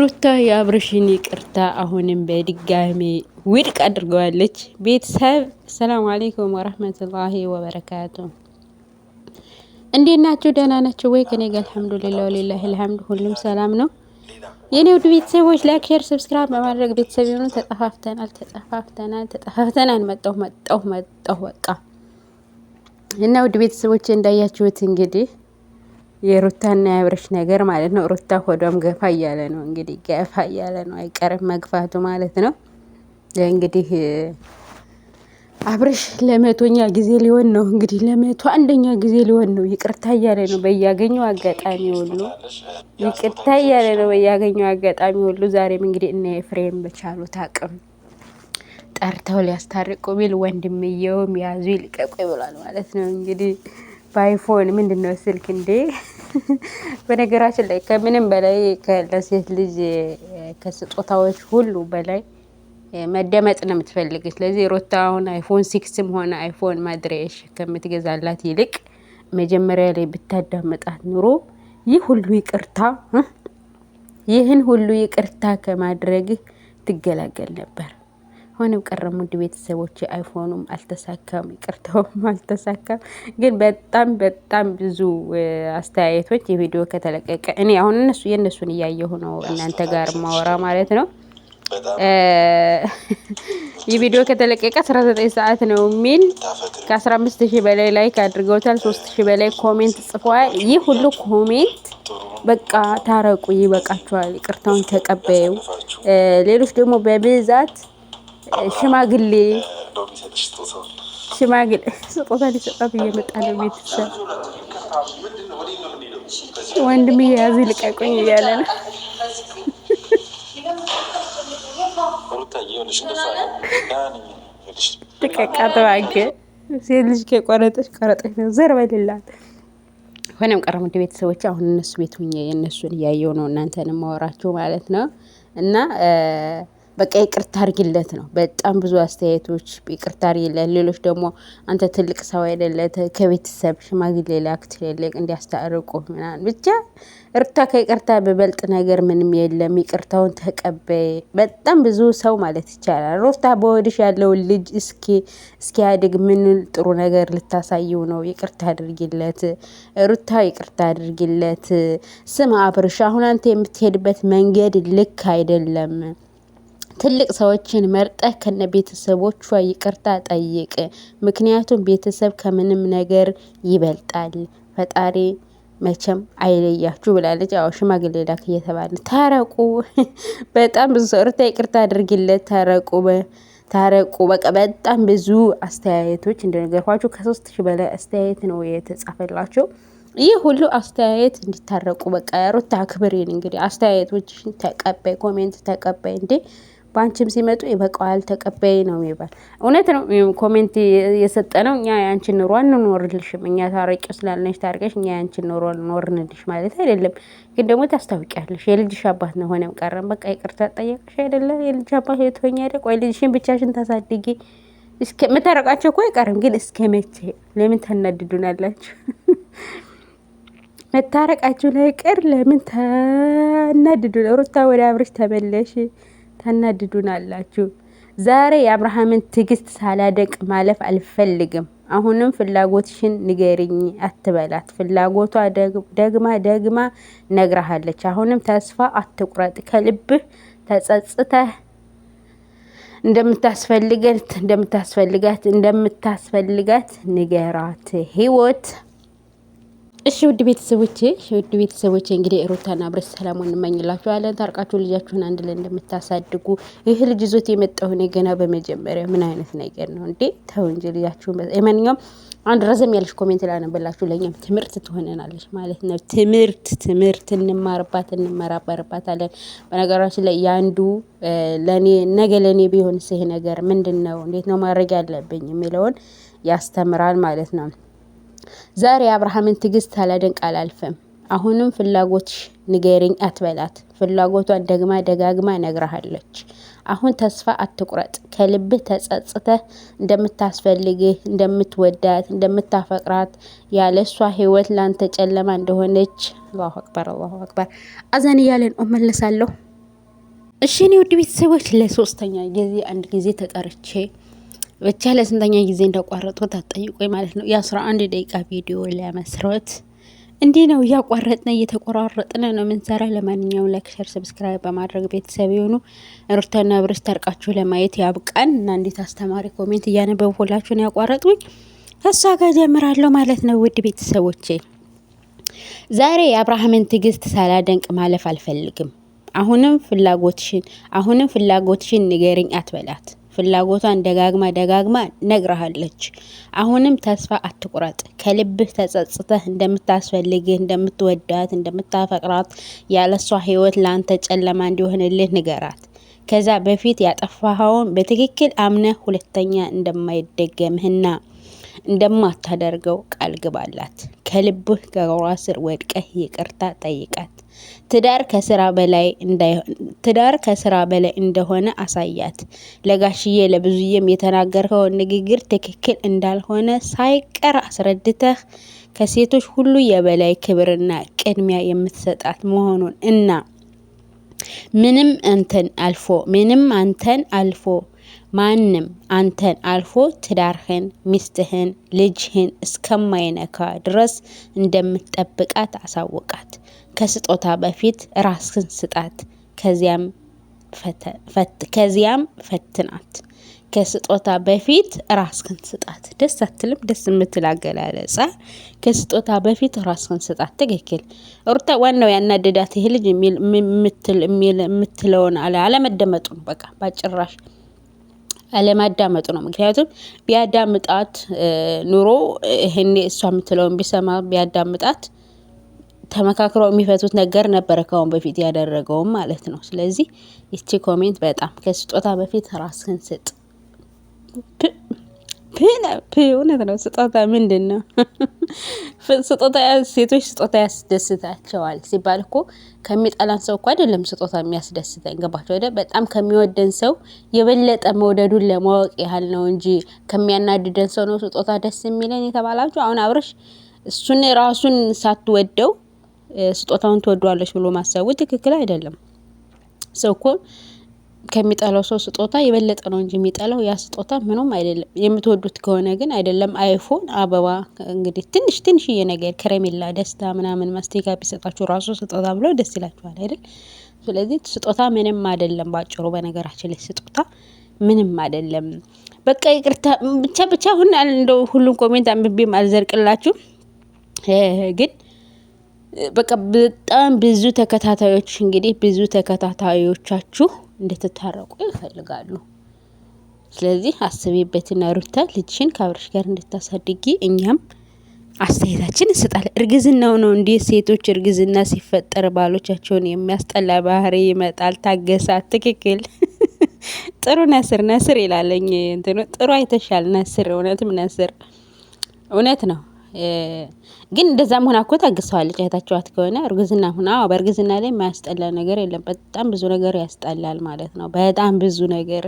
ሩታ የአብርሽን ይቅርታ አሁንም በድጋሜ ውድቅ አድርገዋለች። ቤተሰብ ሰላም አሌይኩም ወረህመቱላሂ ወበረካቱ። እንዴት ናችሁ? ደህና ናችሁ ወይ? ከኔ ጋር አልሐምዱሊላ ወሊላሂ ልሐምድ ሁሉም ሰላም ነው። የኔ ውድ ቤተሰቦች ላይክ፣ ሼር፣ ሰብስክራይብ በማድረግ ቤተሰብ የሆኑ ተጠፋፍተናል፣ ተጠፋፍተናል፣ ተጠፋፍተናል። መጣሁ መጣሁ መጣሁ በቃ እና ውድ ቤተሰቦች እንዳያችሁት እንግዲህ የሩታና የአብረሽ ነገር ማለት ነው። ሩታ ሆዷም ገፋ እያለ ነው እንግዲህ ገፋ እያለ ነው አይቀርም መግፋቱ ማለት ነው። እንግዲህ አብረሽ ለመቶኛ ጊዜ ሊሆን ነው እንግዲህ ለመቶ አንደኛ ጊዜ ሊሆን ነው። ይቅርታ እያለ ነው በያገኘው አጋጣሚ ሁሉ ይቅርታ እያለ ነው በያገኘው አጋጣሚ ሁሉ። ዛሬም እንግዲህ እነ ኤፍሬም በቻሉት አቅም ጠርተው ሊያስታርቁ ቢል ወንድምየውም ያዙ ይልቀቁ ይብሏል ማለት ነው እንግዲህ ባይፎን ምንድን ነው ስልክ እንዴ? በነገራችን ላይ ከምንም በላይ ለሴት ልጅ ከስጦታዎች ሁሉ በላይ መደመጥ ነው የምትፈልግ። ስለዚህ ሮታ አሁን አይፎን ሲክስም ሆነ አይፎን ማድሬሽ ከምትገዛላት ይልቅ መጀመሪያ ላይ ብታዳመጣት ኑሮ ይህ ሁሉ ይቅርታ ይህን ሁሉ ይቅርታ ከማድረግህ ትገላገል ነበር። ሆነም ቀረም ውድ ቤተሰቦች አይፎኑም አልተሳካም፣ ይቅርታውም አልተሳካም። ግን በጣም በጣም ብዙ አስተያየቶች የቪዲዮ ከተለቀቀ እኔ አሁን እነሱ የእነሱን እያየሁ ነው እናንተ ጋር ማወራ ማለት ነው። የቪዲዮ ከተለቀቀ 19 ሰዓት ነው የሚል ከ15 ሺህ በላይ ላይክ አድርገውታል። 3 ሺህ በላይ ኮሜንት ጽፈዋል። ይህ ሁሉ ኮሜንት በቃ ታረቁ፣ ይበቃችኋል፣ ይቅርታውን ተቀበዩ። ሌሎች ደግሞ በብዛት ሽማግሌ ሽማግሌ ስጦታ ሊሰጣት እየመጣ ነው። ቤተሰብ ወንድም እየያዙ ይልቀቁኝ እያለ ነው። ትቀቃ ተባገ ሴት ልጅ ከቆረጠች ቆረጠች ነው። ዘር በልላት ሆነም ቀረም ውድ ቤተሰቦች፣ አሁን እነሱ ቤት ሁኜ የእነሱን እያየው ነው እናንተን ማለት ነው እና በቃ ይቅርታ አርግለት ነው። በጣም ብዙ አስተያየቶች ይቅርታ አርግለት፣ ሌሎች ደግሞ አንተ ትልቅ ሰው አይደለ ከቤተሰብ ሽማግሌ ላክ ትልልቅ እንዲያስታርቁ ምናምን ብቻ እርታ ከይቅርታ በበልጥ ነገር ምንም የለም። ይቅርታውን ተቀበይ። በጣም ብዙ ሰው ማለት ይቻላል። ሮፍታ በወድሽ ያለውን ልጅ እስኪ እስኪያድግ ምን ጥሩ ነገር ልታሳየው ነው? ይቅርታ አድርጊለት ሩታ፣ ይቅርታ አድርጊለት። ስም አብርሽ፣ አሁን አንተ የምትሄድበት መንገድ ልክ አይደለም። ትልቅ ሰዎችን መርጠህ ከነ ቤተሰቦቿ ይቅርታ ጠይቅ። ምክንያቱም ቤተሰብ ከምንም ነገር ይበልጣል። ፈጣሪ መቼም አይለያችሁ ብላለች። አዎ ሽማግሌ ላክ እየተባለ ታረቁ። በጣም ብዙ ሰው ሩታ ይቅርታ አድርጊለት፣ ታረቁ ታረቁ። በቃ በጣም ብዙ አስተያየቶች እንደነገርኳቸው ከሶስት ሺህ በላይ አስተያየት ነው የተጻፈላቸው። ይህ ሁሉ አስተያየት እንዲታረቁ በቃ ሩታ አክብሬን። እንግዲህ አስተያየቶች ተቀባይ ኮሜንት ተቀባይ እንዴ በአንቺም ሲመጡ ይበቃዋል ተቀበይ ነው የሚባል እውነት ነው። ኮሜንት የሰጠ ነው። እኛ የአንቺን ኑሮ አንኖርልሽም፣ እኛ ታረቂው ስላለሽ ታርቀሽ እኛ የአንቺን ኑሮ አንኖርንልሽ ማለት አይደለም። ግን ደግሞ ታስታውቂያለሽ። የልጅሽ አባት ነው ሆነም ቀረም በቃ ይቅርታ ጠየቅሽ አይደለ? የልጅ አባት የትሆኛ ደ ቆይ ልጅሽን ብቻሽን ታሳድጊ ምታረቃቸው እኮ አይቀርም። ግን እስከ መቼ ለምን ታናድዱናላችሁ? መታረቃችሁ ላይ ቀር ለምን ታናድዱ? ሩታ ወደ አብርሽ ተመለሽ። ታናድዱናላችሁ። ዛሬ የአብርሃምን ትዕግስት ሳላደቅ ማለፍ አልፈልግም። አሁንም ፍላጎትሽን ንገርኝ አትበላት። ፍላጎቷ ደግማ ደግማ ነግረሃለች። አሁንም ተስፋ አትቁረጥ። ከልብህ ተጸጽተህ እንደምታስፈልገት እንደምታስፈልጋት እንደምታስፈልጋት ንገራት ህይወት እሺ ውድ ቤተሰቦቼ ውድ ቤተሰቦቼ እንግዲህ ሩታና አብረሽ ሰላሙን እንመኝላችኋለን። ታርቃችሁ ልጃችሁን አንድ ላይ እንደምታሳድጉ ይህ ልጅ ይዞት የመጣው ገና በመጀመሪያ ምን አይነት ነገር ነው እንዴ? ተው እንጂ ልጃችሁን። የማንኛውም አንድ ረዘም ያለች ኮሜንት ላነብላችሁ፣ ለእኛም ትምህርት ትሆነናለች ማለት ነው። ትምህርት ትምህርት እንማርባት እንመራበርባታለን። በነገራችን ላይ የአንዱ ለእኔ ነገ ለእኔ ቢሆን ይሄ ነገር ምንድን ነው እንዴት ነው ማድረግ ያለብኝ የሚለውን ያስተምራል ማለት ነው። ዛሬ የአብርሃምን ትዕግስት ሳላደንቅ አላልፍም። አሁንም ፍላጎትሽ ንገሪኝ አትበላት። ፍላጎቷን ደግማ ደጋግማ ነግረሃለች። አሁን ተስፋ አትቁረጥ። ከልብህ ተጸጽተህ እንደምታስፈልግህ፣ እንደምትወዳት፣ እንደምታፈቅራት ያለ እሷ ህይወት ላንተ ጨለማ እንደሆነች አላሁ አክበር፣ አላሁ አክበር። አዘን እያለን እመለሳለሁ። እሺ እኔ ውድ ቤተሰቦች ለሶስተኛ ጊዜ አንድ ጊዜ ተጠርቼ ብቻ ለስንተኛ ጊዜ እንዳቋረጥኩት አትጠይቁኝ ማለት ነው። የአስራ አንድ ደቂቃ ቪዲዮ ለመስራት እንዲህ ነው እያቋረጥነ እየተቆራረጥነ ነው ምንሰራ። ለማንኛውም ላይክ፣ ሸር፣ ሰብስክራይብ በማድረግ ቤተሰብ የሆኑ ሩታና ብርስ ታርቃችሁ ለማየት ያብቃን እና እንዴት አስተማሪ ኮሜንት እያነበብሁላችሁን ያቋረጡኝ ከእሷ ጋር ጀምራለሁ ማለት ነው። ውድ ቤተሰቦቼ ዛሬ የአብርሃምን ትዕግስት ሳላደንቅ ማለፍ አልፈልግም። አሁንም ፍላጎትሽን አሁንም ፍላጎትሽን ንገርኝ አትበላት ፍላጎቷን ደጋግማ ደጋግማ ነግረሃለች። አሁንም ተስፋ አትቁረጥ። ከልብህ ተጸጽተህ እንደምታስፈልግህ፣ እንደምትወዳት፣ እንደምታፈቅራት ያለሷ ህይወት ለአንተ ጨለማ እንዲሆንልህ ንገራት። ከዛ በፊት ያጠፋኸውን በትክክል አምነህ ሁለተኛ እንደማይደገምህና እንደማታደርገው ቃል ግባላት። ከልብህ ከእግሯ ስር ወድቀህ ይቅርታ ጠይቃት። ትዳር ከስራ በላይ እንደሆነ አሳያት። ለጋሽዬ ለብዙዬም የተናገርከው ንግግር ትክክል እንዳልሆነ ሳይቀር አስረድተህ ከሴቶች ሁሉ የበላይ ክብርና ቅድሚያ የምትሰጣት መሆኑን እና ምንም አንተን አልፎ ምንም አንተን አልፎ ማንም አንተን አልፎ ትዳርህን፣ ሚስትህን፣ ልጅህን እስከማይነካ ድረስ እንደምትጠብቃት አሳውቃት። ከስጦታ በፊት ራስህን ስጣት፣ ከዚያም ፈትናት። ከስጦታ በፊት ራስህን ስጣት። ደስ አትልም? ደስ የምትል አገላለጻ። ከስጦታ በፊት ራስህን ስጣት። ትክክል ሩታ። ዋናው ያናደዳት ይህ ልጅ የምትለውን አለመደመጡን በቃ በጭራሽ አለማዳመጡ ነው። ምክንያቱም ቢያዳምጣት ኑሮ ይሄኔ እሷ የምትለውን ቢሰማ ቢያዳምጣት ተመካክረው የሚፈቱት ነገር ነበረ ከአሁን በፊት ያደረገውም ማለት ነው። ስለዚህ ይቺ ኮሜንት በጣም ከስጦታ በፊት ራስህን ስጥ። እውነት ነው። ስጦታ ምንድን ነው? ስጦታ ሴቶች ስጦታ ያስደስታቸዋል ሲባል እኮ ከሚጠላን ሰው እኮ አይደለም ስጦታ የሚያስደስተን። ገባቸው አይደል? በጣም ከሚወደን ሰው የበለጠ መውደዱን ለማወቅ ያህል ነው እንጂ ከሚያናድደን ሰው ነው ስጦታ ደስ የሚለን የተባላችሁ። አሁን አብረሽ እሱን ራሱን ሳትወደው ስጦታውን ትወደዋለች ብሎ ማሰቡ ትክክል አይደለም። ሰው እኮ ከሚጠላው ሰው ስጦታ የበለጠ ነው እንጂ የሚጠላው ያ ስጦታ ምንም አይደለም። የምትወዱት ከሆነ ግን አይደለም አይፎን፣ አበባ እንግዲህ ትንሽ ትንሽዬ ነገር ከረሜላ፣ ደስታ ምናምን ማስቲካ ቢሰጣችሁ ራሱ ስጦታ ብለው ደስ ይላችኋል አይደል? ስለዚህ ስጦታ ምንም አይደለም። ባጭሩ በነገራችን ላይ ስጦታ ምንም አይደለም። በቃ ይቅርታ ብቻ ብቻ ሁን እንደው ሁሉም ኮሜንት አንብቤም አልዘርቅላችሁም ግን በቃ በጣም ብዙ ተከታታዮች እንግዲህ ብዙ ተከታታዮቻችሁ እንድትታረቁ ይፈልጋሉ። ስለዚህ አስቤበትና ሩታ ልጅሽን ከአብርሽ ጋር እንድታሳድጊ እኛም አስተያየታችን እንስጣለን። እርግዝናው ነው እንዲህ ሴቶች እርግዝና ሲፈጠር ባሎቻቸውን የሚያስጠላ ባህሪ ይመጣል። ታገሳት። ትክክል። ጥሩ ነስር ነስር ይላለኝ እንትኑ ጥሩ አይተሻል ነስር። እውነትም ነስር እውነት ነው። ግን እንደዛም ሆና እኮ ታግሰዋለች። አይታችኋት ከሆነ እርግዝና ሁና በእርግዝና ላይ የማያስጠላ ነገር የለም። በጣም ብዙ ነገር ያስጠላል ማለት ነው። በጣም ብዙ ነገር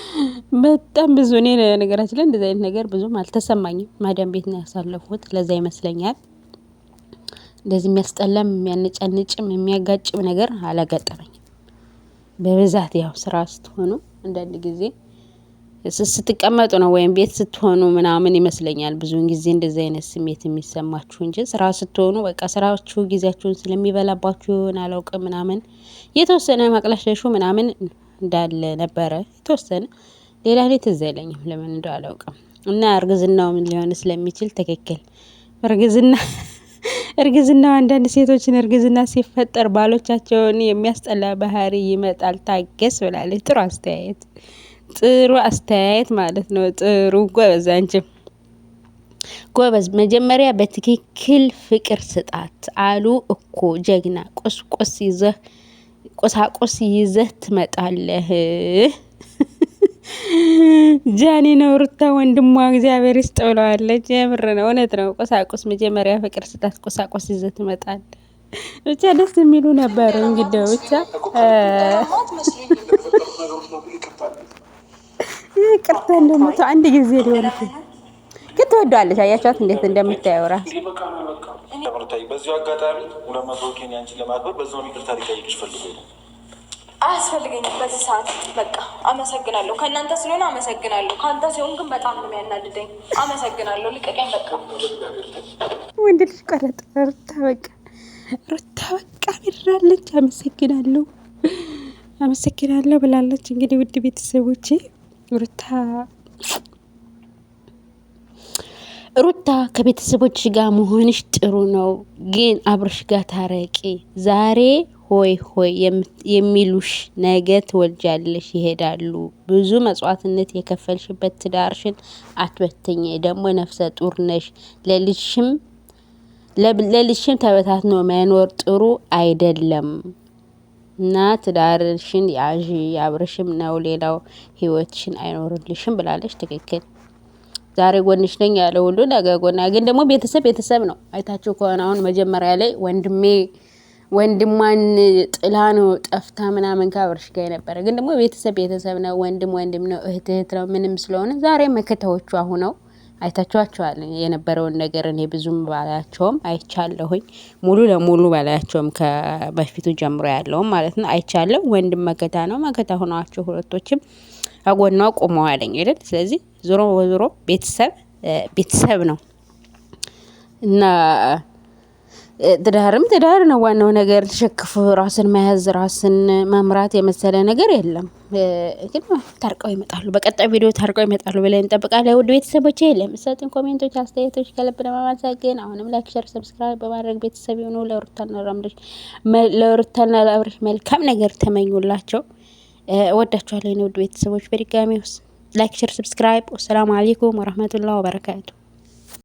በጣም ብዙ። እኔ ነገራችን ላይ እንደዚ አይነት ነገር ብዙም አልተሰማኝም። ማዳም ቤት ነው ያሳለፉት። ለዛ ይመስለኛል እንደዚህ የሚያስጠላም የሚያነጫንጭም የሚያጋጭም ነገር አላጋጠመኝም። በብዛት ያው ስራ ስትሆኑ አንዳንድ ጊዜ ስትቀመጡ ነው ወይም ቤት ስትሆኑ ምናምን ይመስለኛል ብዙውን ጊዜ እንደዚህ አይነት ስሜት የሚሰማችሁ እንጂ ስራ ስትሆኑ በቃ ስራችሁ ጊዜያችሁን ስለሚበላባችሁ ይሆን አላውቅም ምናምን የተወሰነ ማቅለሽለሹ ምናምን እንዳለ ነበረ። የተወሰነ ሌላ ላይ ትዝ አይለኝም ለምን እንደው አላውቅም። እና እርግዝናው ምን ሊሆን ስለሚችል ትክክል እርግዝና እርግዝናው አንዳንድ ሴቶችን እርግዝና ሲፈጠር ባሎቻቸውን የሚያስጠላ ባህሪ ይመጣል። ታገስ ብላለች። ጥሩ አስተያየት ጥሩ አስተያየት ማለት ነው። ጥሩ ጎበዝ፣ አንቺም ጎበዝ። መጀመሪያ በትክክል ፍቅር ስጣት አሉ እኮ ጀግና። ቁስቁስ ይዘህ ቁሳቁስ ይዘህ ትመጣለህ። ጃኒ ነውርታ ሩታ ወንድሟ እግዚአብሔር ይስጥ ብለዋለች። የምር ነው፣ እውነት ነው። ቁሳቁስ መጀመሪያ ፍቅር ስጣት፣ ቁሳቁስ ይዘህ ትመጣለህ። ብቻ ደስ የሚሉ ነበሩ። እንግዲህ ብቻ ቅርታ እንደሞቱ አንድ ጊዜ ሊሆን ግን ትወደዋለች። አያቸዋት እንዴት እንደምታየው ራሱ በዚሁ አጋጣሚ ሁለት መቶ ኬን አንቺን ለማክበር በዚሁ ይቅርታ ሊጠይቅሽ ፈልጎ አያስፈልገኝም በዚህ ሰዓት በቃ አመሰግናለሁ። ከእናንተ ስለሆነ አመሰግናለሁ። ከአንተ ሲሆን ግን በጣም ነው የሚያናድደኝ። አመሰግናለሁ። ልቀቀኝ በቃ ወንድ ልጅ ቆረጠ። ሩታ በቃ ሩታ በቃ ምራለች። አመሰግናለሁ አመሰግናለሁ ብላለች። እንግዲህ ውድ ቤተሰቦቼ ሩታ ሩታ ከቤተሰቦች ጋር መሆንሽ ጥሩ ነው፣ ግን አብርሽ ጋር ታረቂ። ዛሬ ሆይ ሆይ የሚሉሽ ነገ ትወልጃለሽ ይሄዳሉ። ብዙ መስዋዕትነት የከፈልሽበት ትዳርሽን አትበትኝ። ደግሞ ነፍሰ ጡር ነሽ። ለልጅሽም ተበታትኖ መኖር ጥሩ አይደለም። እና ትዳርሽን ያዥ አብረሽም ነው ሌላው ህይወትሽን አይኖርልሽም ብላለች። ትክክል። ዛሬ ጎንሽ ነኝ ያለ ሁሉ ነገ ጎና። ግን ደግሞ ቤተሰብ ቤተሰብ ነው። አይታችሁ ከሆነ አሁን መጀመሪያ ላይ ወንድሜ ወንድሟን ጥላ ነው ጠፍታ ምናምን ከአብርሽ ጋር የነበረ ግን ደግሞ ቤተሰብ ቤተሰብ ነው። ወንድም ወንድም ነው፣ እህት እህት ነው። ምንም ስለሆነ ዛሬ መከታዎቹ አሁነው አይታችኋቸዋል የነበረውን ነገር እኔ ብዙም ባላያቸውም አይቻለሁኝ። ሙሉ ለሙሉ ባላያቸውም ከበፊቱ ጀምሮ ያለውም ማለት ነው አይቻለሁ። ወንድም መከታ ነው። መከታ ሆነዋቸው ሁለቶችም አጎኗ ቆመዋለኝ አይደል? ስለዚህ ዞሮ ዞሮ ቤተሰብ ቤተሰብ ነው እና ትዳርም ትዳር ነው። ዋናው ነገር ተሸክፎ ራስን መያዝ ራስን መምራት የመሰለ ነገር የለም። ግን ታርቀው ይመጣሉ። በቀጣይ ቪዲዮ ታርቀው ይመጣሉ ብለን እንጠብቃለን። ውድ ቤተሰቦቼ ለምትሰጡን ኮሜንቶች፣ አስተያየቶች ከልብ ለማመሰግን አሁንም ላይክ፣ ሸር፣ ሰብስክራይብ በማድረግ ቤተሰብ የሆኑ ለሩታና ለአብርሽ መልካም ነገር ተመኙላቸው። እወዳችኋለሁ ውድ ቤተሰቦች በድጋሚ ላይክ፣ ሸር፣ ሰብስክራይብ። ወሰላሙ አሌይኩም ወረህመቱላህ ወበረካቱ